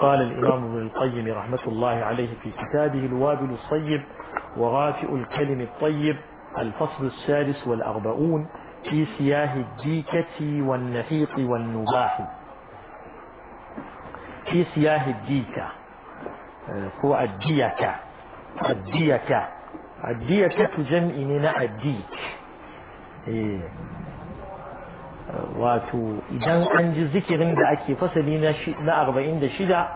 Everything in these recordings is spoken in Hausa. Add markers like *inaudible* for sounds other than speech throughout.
قال الإمام ابن القيم رحمة الله عليه في كتابه الوابل الصيب وغافئ الكلم الطيب الفصل السادس والأربعون في سياه الديكة والنحيق والنباح في سياه الديكة آه، هو الديكة الديكة الديكة جمع من الديك إيه. wato idan an ji zikirin da ake fasali na 46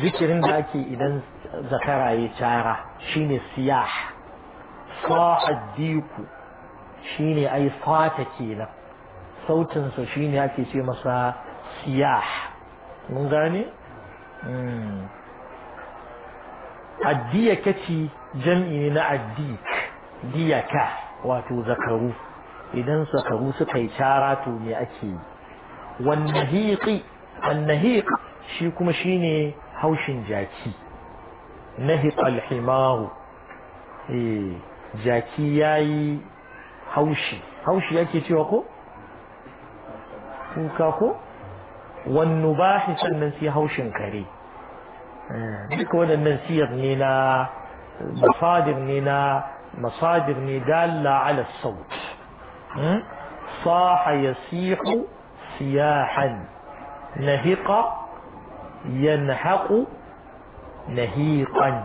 zikirin da ake idan zakara ya cara shine siyah sa'addiku shine ai fata kenan sautinsa shine ake ce masa siyah mun gane addiyakaci jam'i ne na addik diyaka wato zakaru idan sakaru suka yi cara to me ake yi wannahiqi annahiq shi kuma shine haushin jaki nahiq alhimahu eh jaki yayi haushi haushi yake cewa ko kuka ko wannu sannan sai haushin kare duka waɗannan siyar ne na masadir ne na masadir ne dalla ala sauti صاح يسيح سياحا نهق ينحق نهيقا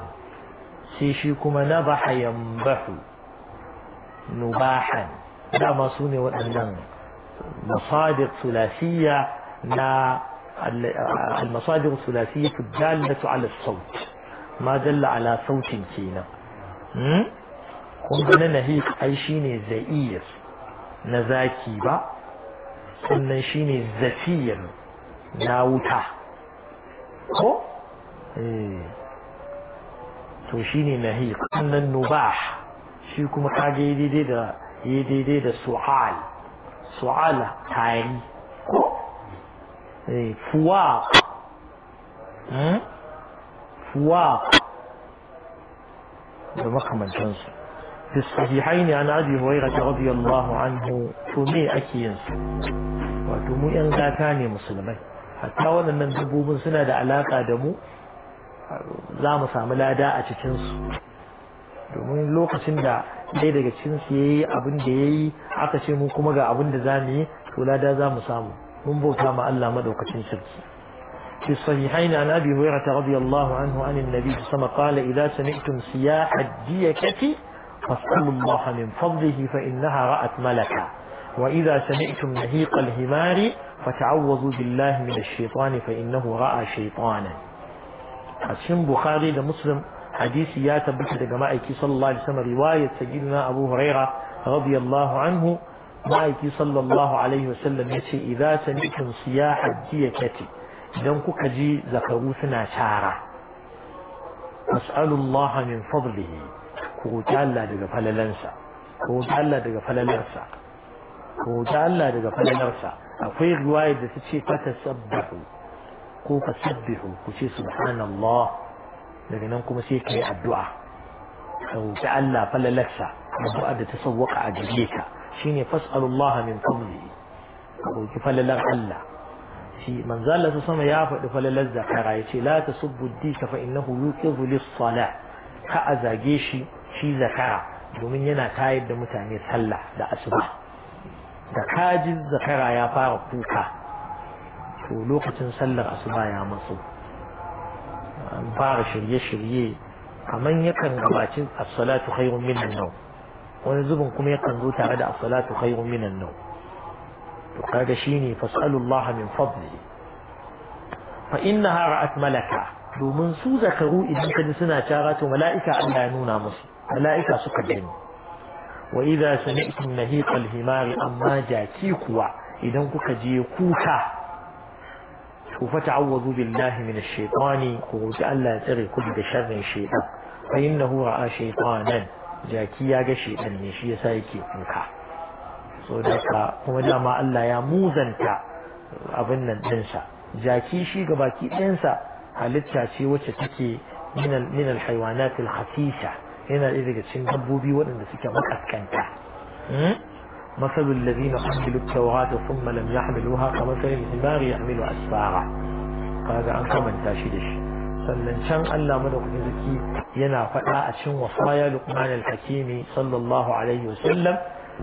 سيشيكما نبح ينبح نباحا لا ما سوني وأنم مصادر ثلاثية لا المصادر الثلاثية الدالة على الصوت ما دل على صوت كينا هم نهيق أي شيء زئير na zaki ba sannan shine zafiyan na wuta ko? to shine nahiq sannan nubah shi kuma kage daidai da ya daidai da su'al su'ala tayi ko? fuwa fuwa da makamantansu في الصحيحين عن أبي هريرة رضي الله عنه تومي أكيينس وتومي أن ذاكاني مسلمين حتى وانا من دبوب سنة دا علاقة دمو زام ساملا دا أتشنس domin lokacin da ɗaya daga cikin su ya yi abin ya yi aka ce mu kuma ga abin da za mu yi to lada za mu samu mun bauta ma Allah madaukakin shirki fi sahihaini an abi hurata radiyallahu anhu an annabi sama qala idza sami'tum siyah hajji yakati فاسألوا الله من فضله فإنها رأت ملكا وإذا سمعتم نهيق الهمار فتعوذوا بالله من الشيطان فإنه رأى شيطانا أتشم بخاري لمسلم حديث يا تبت جماعة صلى الله عليه وسلم رواية سيدنا أبو هريرة رضي الله عنه ma'aiki صلى الله عليه وسلم ce إذا سمعتم صياح jiyakati idan kuka ji zakaru suna الله من فضله ku roƙi Allah daga falalansa ku roƙi Allah daga falalarsa ku roƙi Allah daga falalarsa akwai riwaya da ta ce fata sabbahu ko ka sabbihu ku ce subhanallah daga nan kuma sai ka yi addu'a ka roƙi Allah falalarsa addu'a da ta sawwaka a gare ka shine fas'alullah min fadlihi ka roƙi falalar Allah shi manzo Allah sama ya faɗi falalar zakara yace la tasubbu dika fa innahu yuqidhu lis-salah ka a zage shi shi zakara domin yana tayar da mutane sallah da asuba da kajin zakara ya fara kuka to lokacin sallar asuba ya matso an fara shirye-shirye kaman yakan gabacin as-salatu khairun minan nawm wani zubin kuma yakan zo tare da as-salatu khairun minan nawm to kaga shine fas'alullaha min fadli fa innaha ra'at malaka domin su zakaru idan kaji suna cara to mala'ika Allah ya nuna musu mala'ika suka gani wa idza sami'tum nahiq al-himari amma jaki kuwa idan kuka je kuka to fa ta'awwazu billahi min ash-shaytani ko ji Allah ya tsare ku daga sharrin shaytan fa innahu ra'a shaytanan jaki ya ga shaytan ne shi yasa yake kuka so da ka kuma dama Allah ya muzanta abin nan dinsa jaki shi ga baki ɗinsa halitta ce wacce take min al-hayawanat al-khafisa yana ɗaya daga cikin dabbobi waɗanda suke makaskanta masalu alladhina hamilu thumma lam yahmiluha التوراة ثم al يحملوها كمثل asfara kaga an هذا أنت da shi sannan can Allah madaukakin zaki yana faɗa a cikin wasaya Luqman al-Hakimi sallallahu alaihi wasallam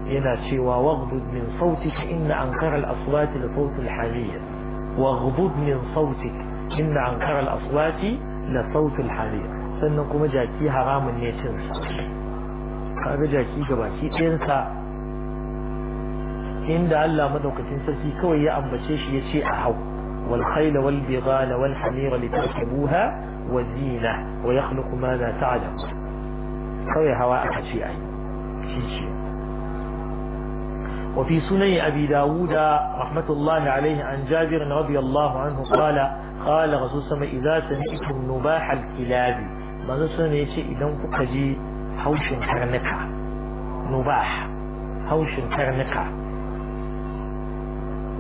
yana cewa waghdud min sautik in ankara al-aswat li sawt al-hamir waghdud min sautik in ankara al-aswat li sawt al-hamir sannan kuma jaki haramun ne cin sa kaga jaki gabaki ɗayan sa inda Allah madaukakin sarki kawai ya ambace shi yace a hau wal khayla wal bighal wal hamira litarkabuha wa zina wa yakhluqu ma la ta'lam kawai hawa aka ce ai shi ce وفي سنن أبي داود رحمة الله عليه عن جابر رضي الله عنه قال قال رسول الله إذا سمعتم نباح الكلاب manzo sun ya ce idan kuka ji haushin karnuka nubah haushin karnuka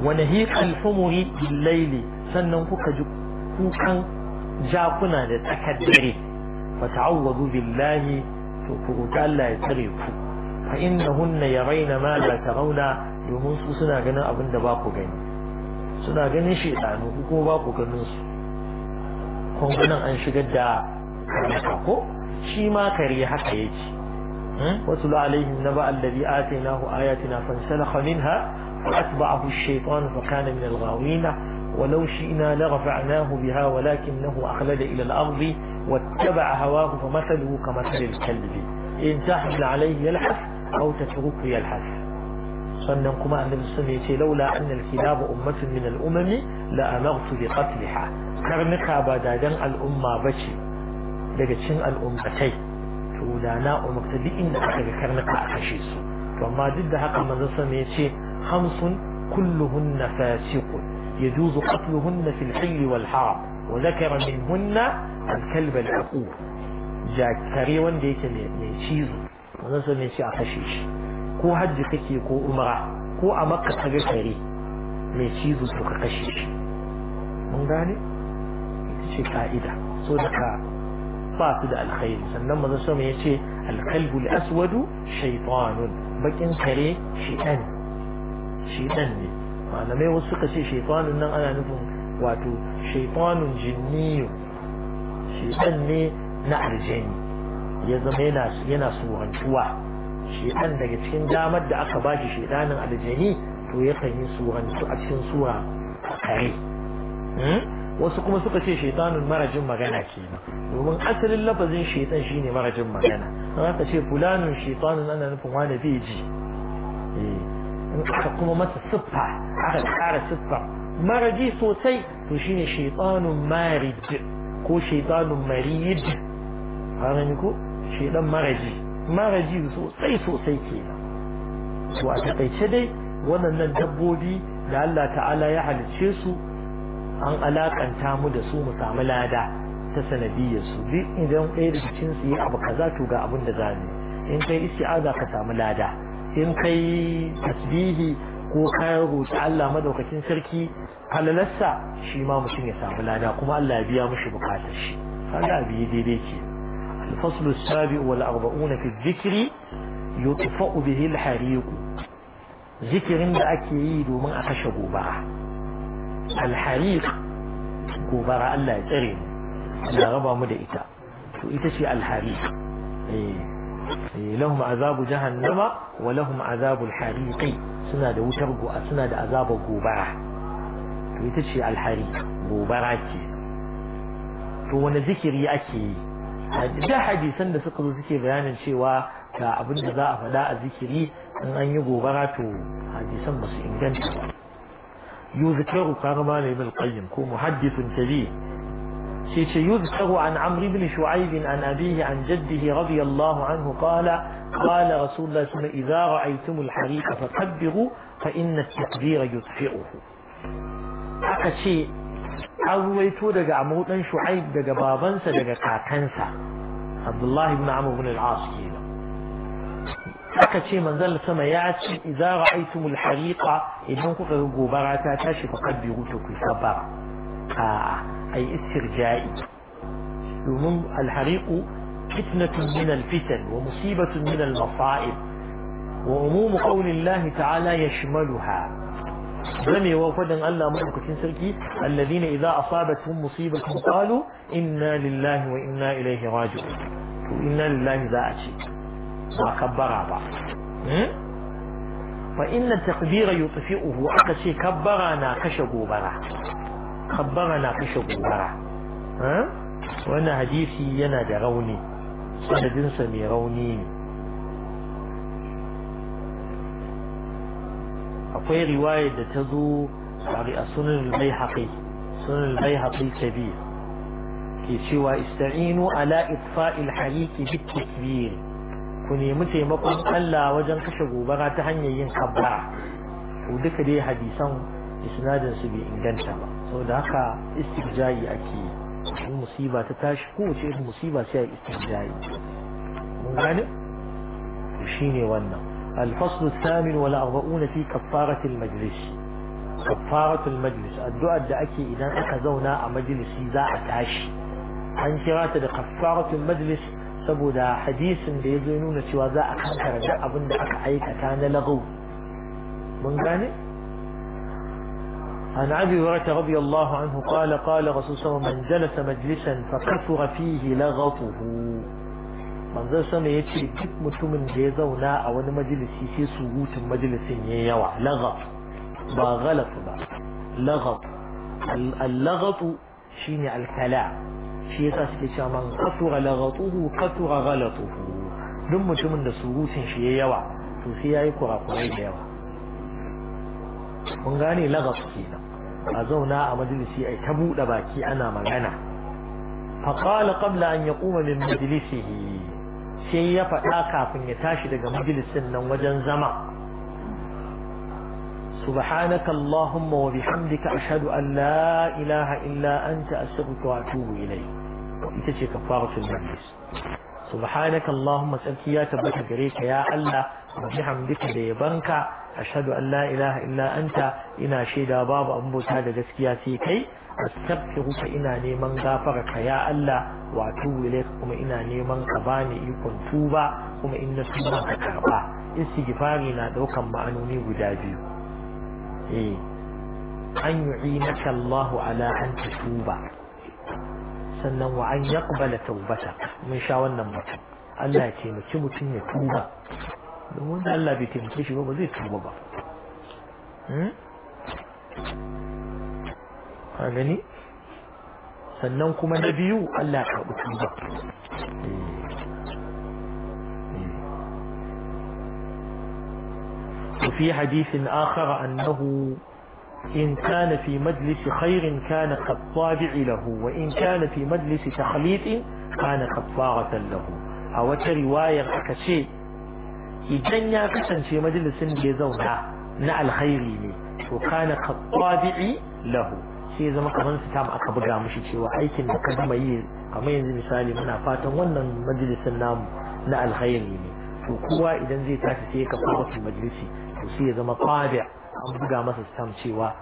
wani hiƙal fumuri billaili sannan kuka ji kukan jakuna da tsakar dare fa ta'awwadu billahi to ku Allah ya tsare ku fa innahunna yarayna ma la rauna domin su suna ganin abin da ba ku gani suna ganin shedanu ku kuma ba ku ganin su kun an shigar da ko shi ma kare haka yake واتل عليهم نبأ الذي آتيناه آياتنا فانسلخ منها فأتبعه الشيطان فكان من الغاوين ولو شئنا لرفعناه بها ولكنه أخلد إلى الأرض واتبع هواه فمثله كمثل الكلب إن تحمل عليه يلحف أو تتركه يلحف sannan kuma annabi sun ce laula annal kilaba ummatun min al-umami la amartu bi qatliha karnuka ba dadan al'umma bace daga cikin al'ummatai to da na umarta duk inda aka ga karnuka a kashe su to amma duk da haka manzon sama ya ce hamsun kulluhunna fasiqun yajuzu qatluhunna fil hayl wal haram wa dhakara minhunna al kalb al aqur jakare wanda yake mai cizo manzon sama ya ce a kashe shi ko hajji kake ko umra ko a makka ka ga kare mai cizo to ka kashe shi mun gane ita ce ka'ida so da ka ba su da alkhairi sannan manzon sama ya ce alkalbu aswadu shaytanun bakin kare shaytan shaytan ne malamai wasu suka ce shaytanun nan ana nufin wato shaytanun jinniyu shaytan ne na aljani ya zama yana yana surantuwa daga cikin damar da aka bashi shaytanin aljani to yakan yi surantu a cikin sura kare hmm? wasu kuma suka ce shaitanun marajin magana ke domin asalin lafazin shaitan shine marajin magana za aka ce fulanun shaitanun ana nufin wani bai ji eh, in aka kuma masa siffa aka kara siffa maraji sosai to shine shaitanun marid ko shaitanun marid haran ko shaitan maraji maraji sosai sosai kenan to a takaice dai waɗannan dabbobi da Allah ta'ala ya halicce su an alakanta mu da su mu samu lada ta sanadiyar su duk idan ɗaya da cikin su yi abu kaza to ga abin da za mu in kai isti'aza ka samu lada in kai tasbihi ko ka roƙi Allah madaukakin sarki halalarsa shi ma mutum ya samu lada kuma Allah ya biya mushi bukatar shi kaga abi daidai ke الفصل السابع والأربعون في الذكر يطفأ به الحريق zikirin da ake yi domin a kashe gobara الحريق كبار الله يترين أنا غبى مدئتا فإتشي الحريق إيه. إيه. لهم عذاب جهنم ولهم عذاب الحريق سناد وترق أسناد عذاب كبرى فإتشي الحريق كبرى فوانا ذكري أكي ده حديثا نسقل ذكر بيانا شوى كابن جزاء فلا ذكري أن أن يقوبرته حديثا بس إنجانتا يذكر كرمان بن القيم كو محدث كبير شيء يذكر عن عمرو بن شعيب عن أبيه عن جده رضي الله عنه قال قال رسول الله صلى الله عليه وسلم إذا رأيتم الحريق فكبروا فإن التكبير يطفئه شيء أرويتو دقى عمرو بن شعيب دقى بابنسا دقى كاكنسا عبد الله بن عمرو بن العاص haka ce manzon sama ya ce idza ra'aytum al hariqa idan kuka ga gobara ta tashi fa kabbi to ku saba a ai istirja'i domin al-hariqu fitnatun min al-fitan wa musibatun min al-masa'ib wa umum qawli Allah ta'ala yashmaluha zame wa fadin Allah madaukakin sarki alladhina idza asabatuhum musibatun qalu inna lillahi wa inna ilayhi raji'un inna lillahi za'ati ba kabbara ba fa inna takbira yutfi'uhu aka ce kabbara na kashe gobara kabbara na kashe gobara wannan hadisi yana da rauni sanadinsa mai rauni ne akwai riwayar da ta zo a sunan al-baihaqi sunan al-baihaqi kabir ke cewa ista'inu ala itfa'il hariqi bit takbir ku nemi taimakon Allah wajen kashe gobara ta hanyar yin kabbara to duka dai hadisan isnadin su bai inganta ba saboda haka istirjayi ake in musiba ta tashi kowace irin musiba sai a istirjayi mun gane shine wannan الفصل الثامن والأربعون في كفارة المجلس كفارة المجلس الدعاء دعكي إذا أكذونا مجلس إذا أتعش عن شرات كفارة المجلس saboda hadisin da yake nuna cewa za a kankara da abin da aka عن أبي هريرة رضي الله عنه قال قال رسول الله من جلس مجلسا فكثر فيه لغطه من جلس يتي دك متوم جيزا ونا أو مجلس يسي سهوت مجلس يوا لغط با غلط با لغط اللغط شيني الكلام shi yasa suke cewa man kasura laghatuhu kasura ghalatuhu duk mutumin da surutun shi ya yawa to sai yayi kurakurai da yawa kun gane laghat kenan a zauna a majalisi ai ta buɗe baki ana magana ƙabla an ya ƙuma min majalisi sai ya faɗa kafin ya tashi daga majalisin nan wajen zama سبحانك اللهم وبحمدك أشهد أن لا إله إلا أنت أستغفرك وأتوب إليك إتشي كفارة المجلس سبحانك اللهم سألك يا تبك جريك يا الله وبحمدك ليبنك أشهد أن لا إله إلا أنت إنا شيدا باب أبو تاد جسكياتي كي أستغفرك إنا نيمان غافرك يا الله وأتوب إليك وما إنا نيمان قباني يكون توبا وما إنا سبحانك كربا استغفاري نا دوكا معنوني ودابيو eh an yu'inaka allahu ala an tuba sannan wa an yaqbala ta'ubata mun sha wannan mutum Allah ya taimaki mutum ya tuba domin da Allah bai taimake shi ba ba zai tuba ba hmm? a gani sannan kuma na biyu Allah ya karɓi tuba وفي حديث آخر أنه إن كان في مجلس خير كان كالطابع له وإن كان في مجلس تخليط كان كفارة له أو رواية أكشي إذن يا كسن في مجلس جزونا نع الخير لي وكان كالطابع له sai zama kamar su tam aka buga mushi cewa aikin da ka gama yi kamar yanzu misali muna fatan wannan majalisin namu na alkhairi ne to kowa idan zai tashi sai ka fara majalisi shi ya zama qabi an buga masa sam cewa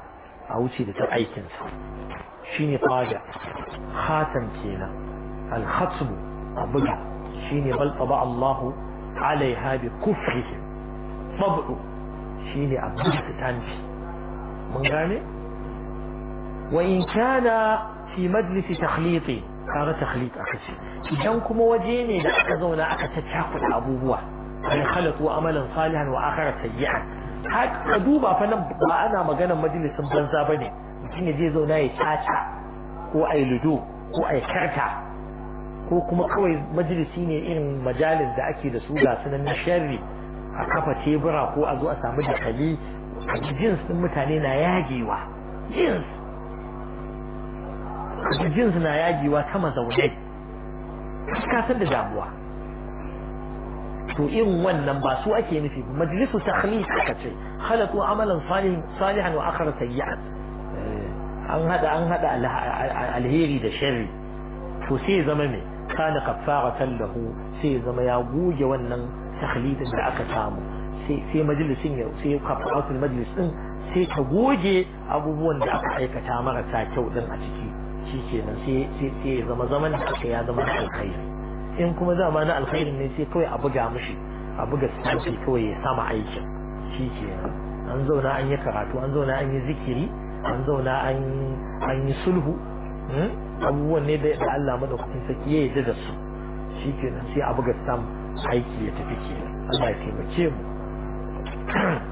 a wuce da ta aikin sa shine qabi khatam kenan al khatm a buga shine bal taba Allah alaiha bi kufrihim tabu shine a buga tanfi mun gane wa in kana fi majlis takhliti kaga takhlit akashi idan kuma waje ne da aka zauna aka ta cakuɗa abubuwa an khalatu amalan salihan wa akhara sayyi'an ka duba fa nan ba ana maganar majalisin banza bane mutum ya je zauna ya caca ko ai ludo ko ai karta ko kuma kawai majalisi ne irin majalis da ake da su ga sunan sharri a kafa tebura ko a zo a samu dakali jins din mutane na yagewa jins jins na yagewa ta zaune ka san da damuwa to irin wannan ba su ake nufi ba majlisu takhlis aka ce khalaqu amalan salihan salihan wa akhara sayyi'an eh, an hada an hada alheri da sharri to sai zama me kana kaffaratan lahu sai zama ya goge wannan takhlidin da aka samu sai sai majlisin ya sai majlis din sai ta goge abubuwan da aka aikata marasa kyau din a ciki shikenan sai sai zama zaman da aka ya zama alkhairi in kuma dama na alkhairin ne sai kawai a buga mashi a buga stampi kawai ya sama aikin shi ke an zauna an yi karatu an zauna an yi zikiri an zauna an yi sulhu hmm? abubuwan ne da Allah madaukakin saki ya yarda da su shi ke sai a buga sam aiki ya tafi ke Allah ya taimake mu *clears throat*